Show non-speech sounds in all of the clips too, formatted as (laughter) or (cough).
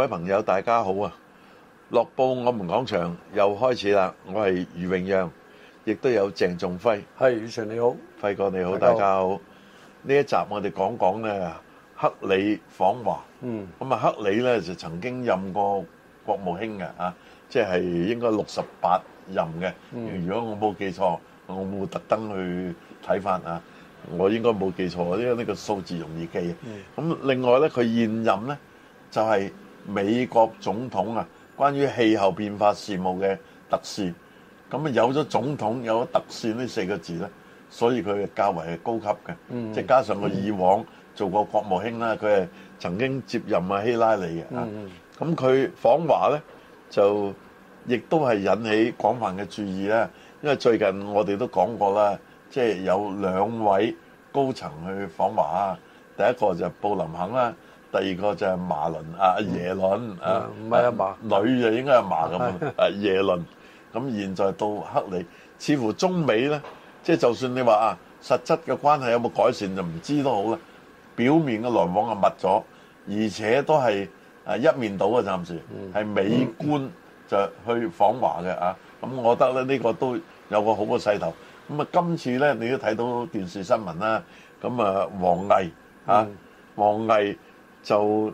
各位朋友，大家好啊！《樂報》我們講場又開始啦。我係余榮讓，亦都有鄭仲輝。係余 Sir 你好，輝哥你好，大家好。呢一集我哋講講咧，克里訪華。嗯，咁啊，克里咧就曾經任過國務卿嘅啊，即係應該六十八任嘅。如果我冇記錯，我冇特登去睇翻啊，我應該冇記錯，因為呢個數字容易記。咁另外咧，佢現任咧就係，美國總統啊，關於氣候變化事務嘅特使，咁啊有咗總統，有咗特使呢四個字咧，所以佢較為係高級嘅，即係加上佢以往做過國務卿啦，佢係曾經接任啊希拉里嘅，咁佢訪華咧就亦都係引起廣泛嘅注意啦，因為最近我哋都講過啦，即係有兩位高層去訪華啊，第一個就係布林肯啦。第二個就係馬倫啊，耶倫啊，唔係阿馬女就應該係馬咁啊，耶倫咁。 (laughs) 現在到克里，似乎中美咧，即係就算你話啊，實質嘅關係有冇改善就唔知都好啦。表面嘅來往啊，密咗，而且都係啊一面倒嘅。暫時係美官就去訪華嘅啊。咁我覺得咧，呢個都有個好嘅勢頭。咁啊，今次咧，你都睇到電視新聞啦。咁啊，王毅啊，王、嗯、毅。就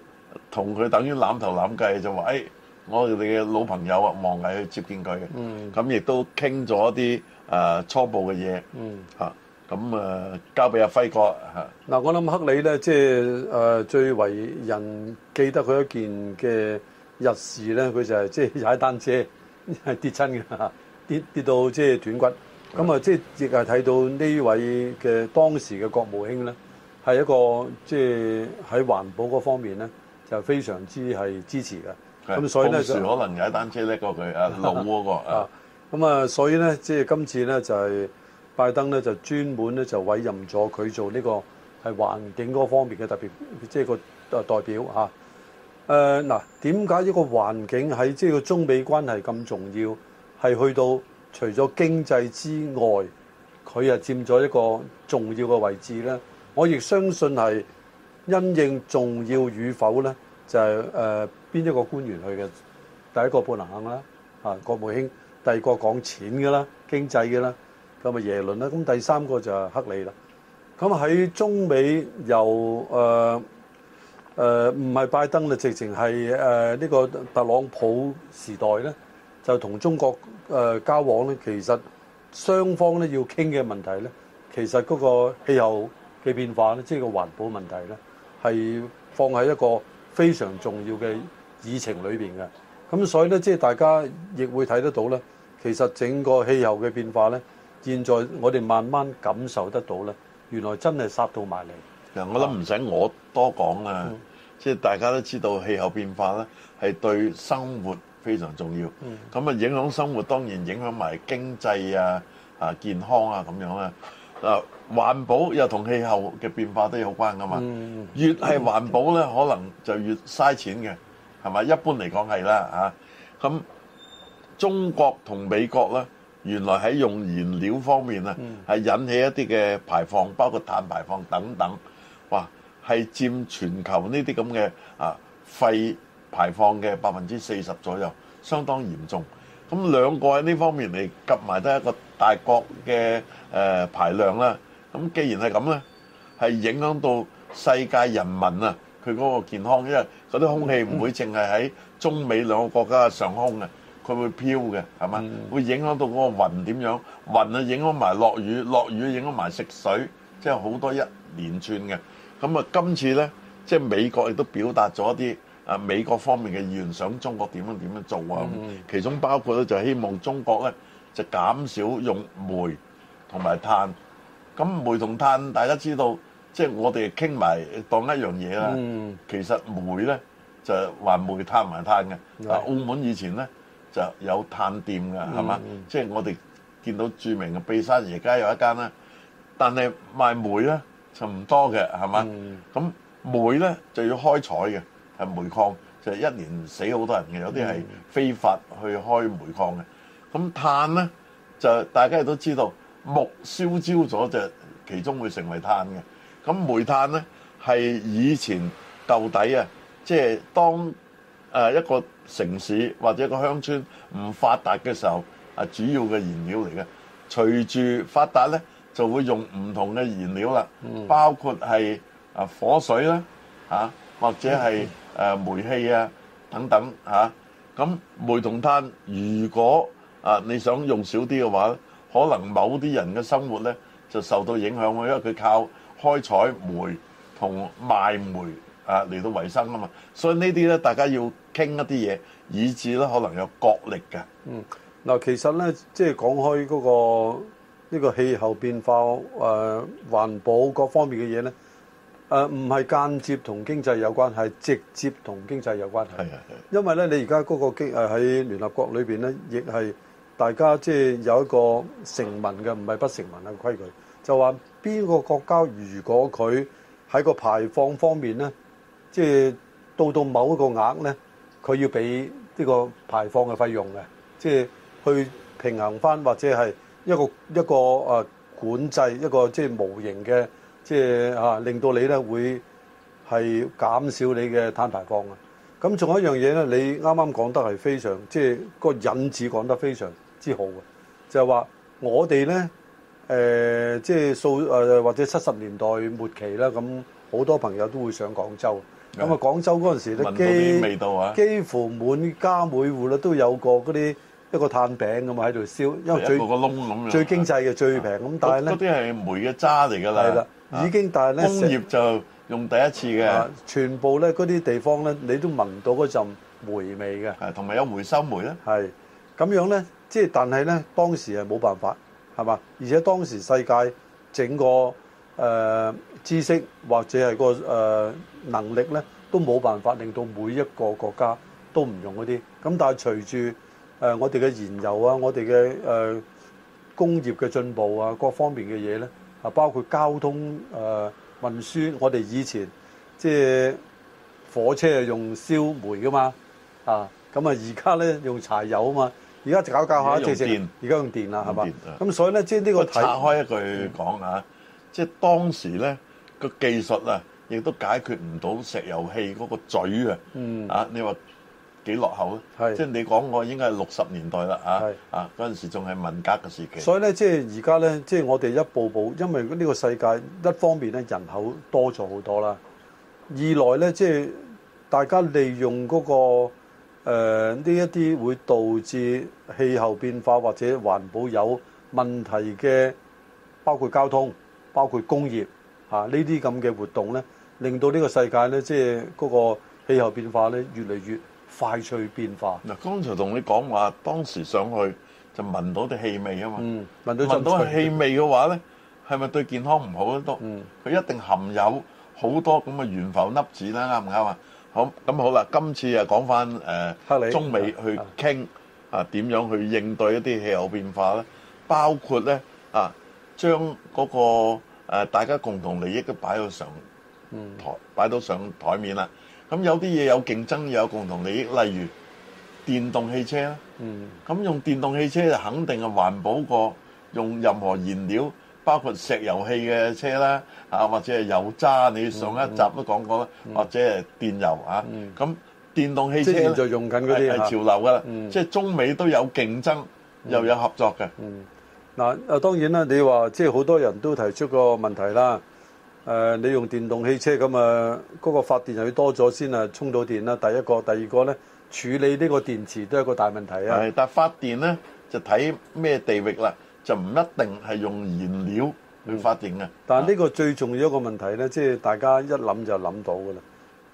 同佢等於攬頭攬計，就話誒、哎，我哋嘅老朋友啊，王毅去接見佢嘅，咁亦都傾咗啲誒初步嘅嘢，嚇咁誒交俾阿輝哥嚇。嗱，我諗克里咧，即係誒最為人記得佢一件嘅日事咧，佢就係即係踩單車 (laughs) 跌親㗎，跌跌到即係斷骨，咁啊即係亦係睇到呢位嘅當時嘅國務卿咧。係一個即係喺環保嗰方面咧，就非常之係支持嘅。咁所以咧就，可能踩單車叻過佢啊，老喎喎啊。咁啊，所以咧即係今次咧就係拜登咧就專門咧就委任咗佢做呢個係環境嗰方面嘅特別即係個代表嚇。誒嗱，點解呢個環境喺即係個中美關係咁重要？係去到除咗經濟之外，佢啊佔咗一個重要嘅位置咧。我亦相信係因應重要與否咧，就係誒邊一個官員去嘅第一個布林肯啦，啊國務卿；第二個講錢嘅啦，經濟嘅啦，咁啊耶倫啦。咁第三個就係克里啦。咁喺中美由誒誒唔係拜登啦，直情係誒呢個特朗普時代咧，就同中國、呃、交往咧，其實雙方咧要傾嘅問題咧，其實嗰個氣候嘅變化咧，即係個環保問題咧，係放喺一個非常重要嘅議程裏邊嘅。咁所以咧，即係大家亦會睇得到咧，其實整個氣候嘅變化咧，現在我哋慢慢感受得到咧，原來真係殺到埋嚟。其實我諗唔使我多講啦，即係大家都知道氣候變化咧係對生活非常重要。咁啊，影響生活當然影響埋經濟啊、啊健康啊咁樣啦。嗱，環保又同氣候嘅變化都有關噶嘛？越係環保呢，可能就越嘥錢嘅，係咪？一般嚟講係啦，嚇、啊、咁中國同美國呢，原來喺用燃料方面呢，係、嗯、引起一啲嘅排放，包括碳排放等等，哇，係佔全球呢啲咁嘅啊廢排放嘅百分之四十左右，相當嚴重。咁兩個喺呢方面嚟夾埋都係一個大國嘅誒排量啦。咁既然係咁咧，係影響到世界人民啊，佢嗰個健康，因為嗰啲空氣唔會淨係喺中美兩個國家嘅上空嘅，佢會飄嘅，係嘛？會影響到嗰個雲點樣？雲啊，影響埋落雨，落雨影響埋食水，即係好多一連串嘅。咁啊，今次咧，即係美國亦都表達咗一啲。啊！美國方面嘅議員想中國點樣點樣做啊？其中包括咧就希望中國咧就減少用煤同埋碳。咁煤同碳大家知道，即係我哋傾埋當一樣嘢啦。其實煤咧就還煤碳還碳嘅。啊，澳門以前咧就有碳店嘅，係嘛？即係我哋見到著名嘅秘山，而家有一間啦。但係賣煤咧就唔多嘅，係嘛？咁煤咧就要開採嘅。係煤礦就係一年死好多人嘅，有啲係非法去開煤礦嘅。咁炭呢，就大家都知道，木燒焦咗就其中會成為炭嘅。咁煤炭呢，係以前舊底啊，即係當誒一個城市或者一個鄉村唔發達嘅時候，主要嘅燃料嚟嘅。隨住發達呢，就會用唔同嘅燃料啦，嗯、包括係啊火水啦，啊或者係誒煤氣啊等等嚇，咁煤同炭，如果啊你想用少啲嘅話，可能某啲人嘅生活咧就受到影響啊，因為佢靠開採煤同賣煤啊嚟到維生啊嘛，所以呢啲咧大家要傾一啲嘢，以致咧可能有角力嘅。嗯，嗱其實咧，即係講開嗰個呢個氣候變化誒環保各方面嘅嘢咧。誒唔係間接同經濟有關係，直接同經濟有關係。因為咧，你而家嗰個經誒喺聯合國裏邊咧，亦係大家即係有一個成文嘅，唔係不成文嘅規矩，就話邊個國家如果佢喺個排放方面咧，即係到到某一個額咧，佢要俾呢個排放嘅費用嘅，即係去平衡返或者係一個一個誒管制一個即係無形嘅。即係啊，令到你咧會係減少你嘅碳排放啊！咁仲有一樣嘢咧，你啱啱講得係非常，即係個引子講得非常之好啊！就係話我哋咧誒，即係數誒或者七十年代末期啦，咁好多朋友都會上廣州。咁啊，廣州嗰陣時咧，幾乎每家每戶咧都有過嗰啲。一個炭餅噶嘛，喺度燒，因為最一個個窿咁樣，最經濟嘅最平咁。但係咧，嗰啲係煤嘅渣嚟㗎啦，係啦，已經。但係咧，工業就用第一次嘅，全部咧嗰啲地方咧，你都聞到嗰陣煤味嘅，係同埋有回收煤咧，係咁樣咧，即係但係咧，當時係冇辦法係嘛，而且當時世界整個誒知識或者係個誒能力咧，都冇辦法令到每一個國家都唔用嗰啲咁。但係隨住。誒、呃，我哋嘅燃油啊，我哋嘅誒工業嘅進步啊，各方面嘅嘢咧，啊，包括交通誒運輸，我哋以前即係火車係用燒煤噶嘛，啊，咁啊而家咧用柴油啊嘛，而家搞搞下用電，而家用電啦，係嘛？咁吧所以咧，即係呢個拆開一句講啊，嗯、即係當時咧個技術啊，亦都解決唔到石油氣嗰個嘴啊，嗯、啊，你話？幾落後咯，即係你講，我應該係六十年代啦嚇，啊嗰陣時仲係文革嘅時期。所以咧，即係而家咧，即係我哋一步步，因為呢個世界一方面咧人口多咗好多啦，二來咧即係大家利用嗰個誒呢一啲會導致氣候變化或者環保有問題嘅，包括交通、包括工業嚇呢啲咁嘅活動咧，令到呢個世界咧即係嗰個氣候變化咧越嚟越快速變化嗱，剛才同你講話，當時上去就聞到啲氣味啊嘛，聞到聞到氣味嘅話咧，係咪對健康唔好咧都？佢一定含有好多咁嘅懸浮粒子啦，啱唔啱啊？好咁好啦，今次啊講翻誒中美去傾啊點樣去應對一啲氣候變化咧？包括咧啊，將嗰個誒大家共同利益都擺到上台擺到上台面啦。咁有啲嘢有競爭，又有共同利益，例如電動汽車啦。嗯。咁用電動汽車就肯定係環保過用任何燃料，包括石油氣嘅車啦。啊，或者係油渣，你上一集都講過啦。或者係電油啊。嗯。咁電動汽車就用緊嗰啲係潮流噶啦。嗯。即係中美都有競爭，又有合作嘅。嗯。嗱，啊當然啦，你話即係好多人都提出個問題啦。誒、呃，你用電動汽車咁啊，嗰、那個發電又要多咗先啊，充到電啦。第一個，第二個咧，處理呢個電池都係一個大問題啊。係，但係發電咧就睇咩地域啦，就唔一定係用燃料去發電嘅，嗯嗯嗯。但呢個最重要一個問題咧，即、就、係、是、大家一諗就諗到㗎啦。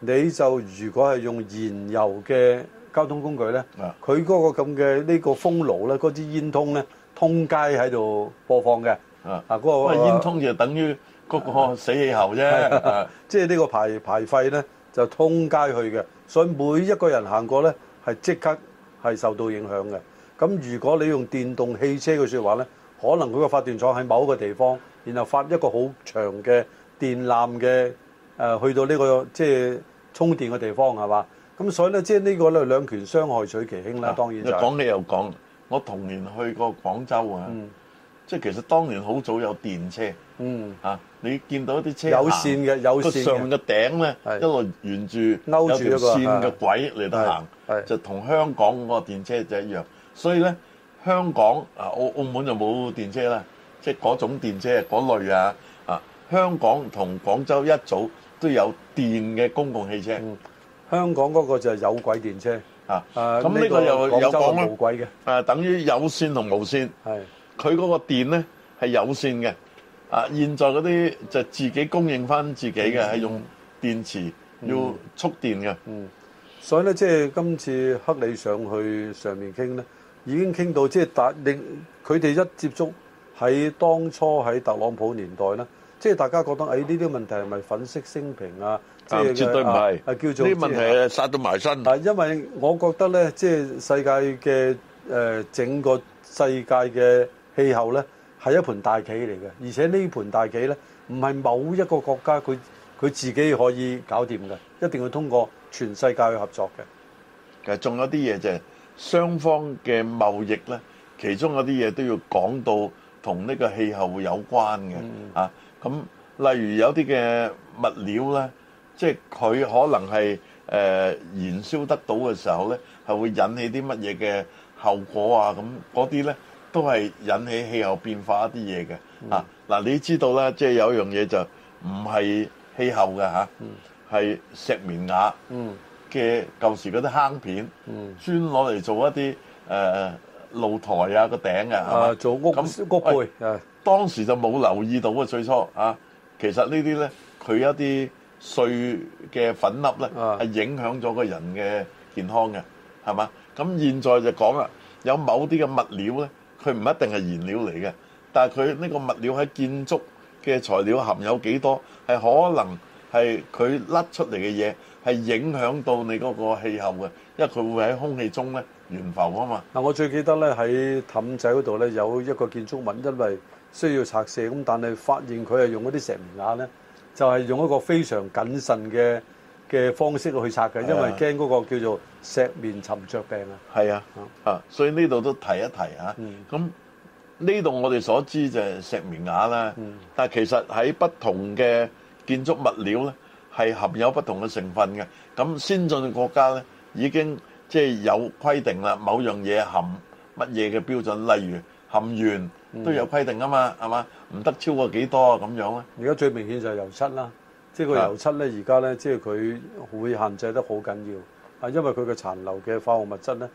你就如果係用燃油嘅交通工具咧，佢嗰、嗯、個咁嘅呢個風爐咧，嗰支煙通咧，通街喺度播放嘅。嗯、啊，嗰、那個煙通就等於，嗰個死氣喉啫，即係呢個排排廢呢就通街去嘅，所以每一個人行過呢係即刻係受到影響嘅。咁如果你用電動汽車嘅說話呢，可能佢個發電廠喺某一個地方，然後發一個好長嘅電纜嘅誒、呃，去到呢、這個即係、就是、充電嘅地方係嘛？咁所以呢，即、就、係、是、呢個咧兩權傷害取其輕啦，當然就講、是、起、啊、又講，我同年去過廣州啊，即係、嗯、其實當年好早有電車，嗯啊。你見到啲車有線嘅，有線嘅。上面嘅頂咧一路沿住有條線嘅軌嚟到行，就同香港嗰個電車就一樣。所以咧，香港啊澳澳門就冇電車啦，即係嗰種電車嗰類啊啊！香港同廣州一早都有電嘅公共汽車。香港嗰個就係有軌電車啊。咁呢個廣州無軌嘅啊，等於有線同無線。係佢嗰個電咧係有線嘅。啊！現在嗰啲就自己供應翻自己嘅，係用電池要蓄電嘅。嗯，所以咧，即係今次克里上去上面傾咧，已經傾到即係達令佢哋一接觸喺當初喺特朗普年代咧，即係大家覺得誒呢啲問題係咪粉飾升平啊？即係絕對唔係啊，叫做呢啲問題係殺到埋身。啊，因為我覺得咧，即係世界嘅誒整個世界嘅氣候咧。係一盤大棋嚟嘅，而且呢盤大棋咧，唔係某一個國家佢佢自己可以搞掂嘅，一定要通過全世界去合作嘅。其實仲有啲嘢就係、是、雙方嘅貿易咧，其中有啲嘢都要講到同呢個氣候有關嘅、嗯、啊。咁例如有啲嘅物料咧，即係佢可能係誒、呃、燃燒得到嘅時候咧，係會引起啲乜嘢嘅後果啊？咁嗰啲咧。都係引起氣候變化一啲嘢嘅啊！嗱，你知道啦，即係有一樣嘢就唔係氣候嘅嚇，係石棉瓦嘅，舊時嗰啲坑片，專攞嚟做一啲誒露台啊個頂啊，係嘛？做屋咁屋背，當時就冇留意到啊！最初啊，其實呢啲咧佢一啲碎嘅粉粒咧係影響咗個人嘅健康嘅係嘛？咁現在就講啦，有某啲嘅物料咧。佢唔一定係原料嚟嘅，但係佢呢個物料喺建築嘅材料含有幾多，係可能係佢甩出嚟嘅嘢係影響到你嗰個氣候嘅，因為佢會喺空氣中咧懸浮啊嘛。嗱，我最記得咧喺氹仔嗰度咧有一個建築物，因為需要拆卸，咁但係發現佢係用嗰啲石棉瓦咧，就係用一個非常謹慎嘅。嘅方式去拆嘅，因為驚嗰個叫做石棉沉著病啊。係啊，啊，所以呢度都提一提嚇。咁呢度我哋所知就係石棉瓦啦。但係其實喺不同嘅建築物料咧，係含有不同嘅成分嘅。咁先進嘅國家咧，已經即係有規定啦，某樣嘢含乜嘢嘅標準，例如含鉛都有規定啊嘛，係嘛，唔得超過幾多咁樣咧。而家最明顯就係油漆啦。即係個油漆咧，而家咧，即係佢會限制得好緊要啊！因為佢嘅殘留嘅化學物質咧，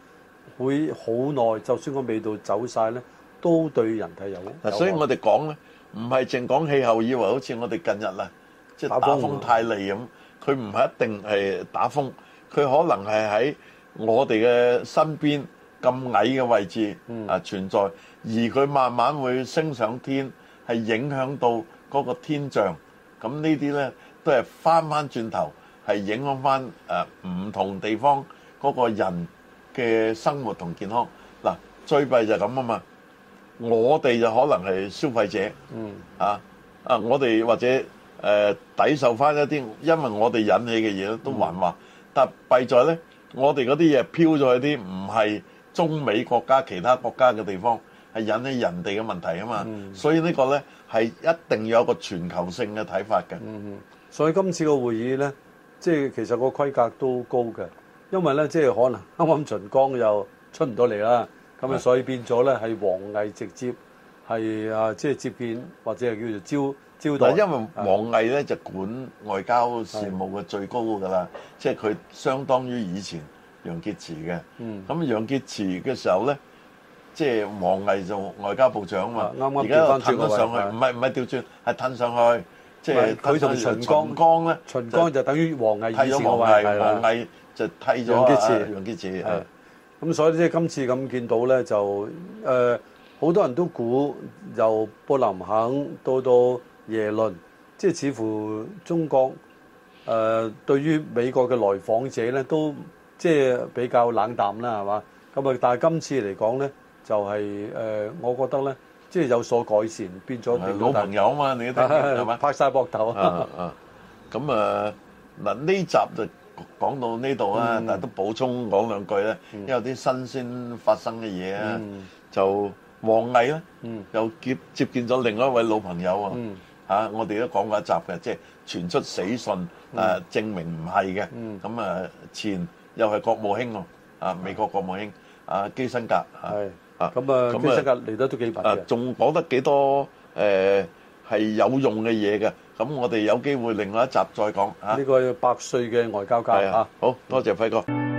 會好耐，就算個味道走晒咧，都對人體有益。嗱，所以我哋講咧，唔係淨講氣候，以為好似我哋近日啊，即係打風太厲咁，佢唔係一定係打風，佢可能係喺我哋嘅身邊咁矮嘅位置啊存在，而佢慢慢會升上天，係影響到嗰個天象。咁呢啲咧，都係翻翻轉頭，係影響翻誒唔同地方嗰個人嘅生活同健康。嗱、啊，最弊就係咁啊嘛，我哋就可能係消費者，嗯啊啊，我哋或者誒、呃、抵受翻一啲，因為我哋引起嘅嘢都還話，嗯、但弊在咧，我哋嗰啲嘢飄咗去啲唔係中美國家、其他國家嘅地方，係引起人哋嘅問題啊嘛，嗯、所以呢個呢個咧係一定要有個全球性嘅睇法嘅。嗯。所以今次個會議咧，即係其實個規格都高嘅，因為咧即係可能啱啱秦剛又出唔到嚟啦，咁啊所以變咗咧係王毅直接係啊即係接見或者係叫做招招待。因為王毅咧就管外交事務嘅最高噶啦，即係佢相當於以前楊潔篪嘅。嗯，咁楊潔篪嘅時候咧，即係王毅做外交部長啊嘛。啱啱調翻轉上去，唔係唔係調轉，係褪上去。即係佢同秦剛咧，秦剛就等於王毅二次，王毅王毅就替咗楊潔篪，楊潔篪。咁所以即係今次咁見到咧，就誒好多人都估由布林肯到到耶倫，即係似乎中國誒對於美國嘅來訪者咧，都即係比較冷淡啦，係嘛？咁啊，但係今次嚟講咧，就係誒，我覺得咧。即係有所改善，變咗老朋友啊嘛，你都聽係嘛？拍曬膊頭啊！咁啊嗱，呢集就講到呢度啊，但係都補充講兩句咧，因為有啲新鮮發生嘅嘢啊，就王毅咧，又接接見咗另外一位老朋友喎，嚇！我哋都講過一集嘅，即係傳出死訊啊，證明唔係嘅，咁啊前又係國務卿喎，啊美國國務卿，啊基辛格嚇。啊！咁啊，即刻，嚟得都幾快嘅。啊，仲、啊、講得幾多誒，係、呃、有用嘅嘢嘅。咁我哋有機會另外一集再講啊。呢個百歲嘅外交家啊，好多謝輝哥。嗯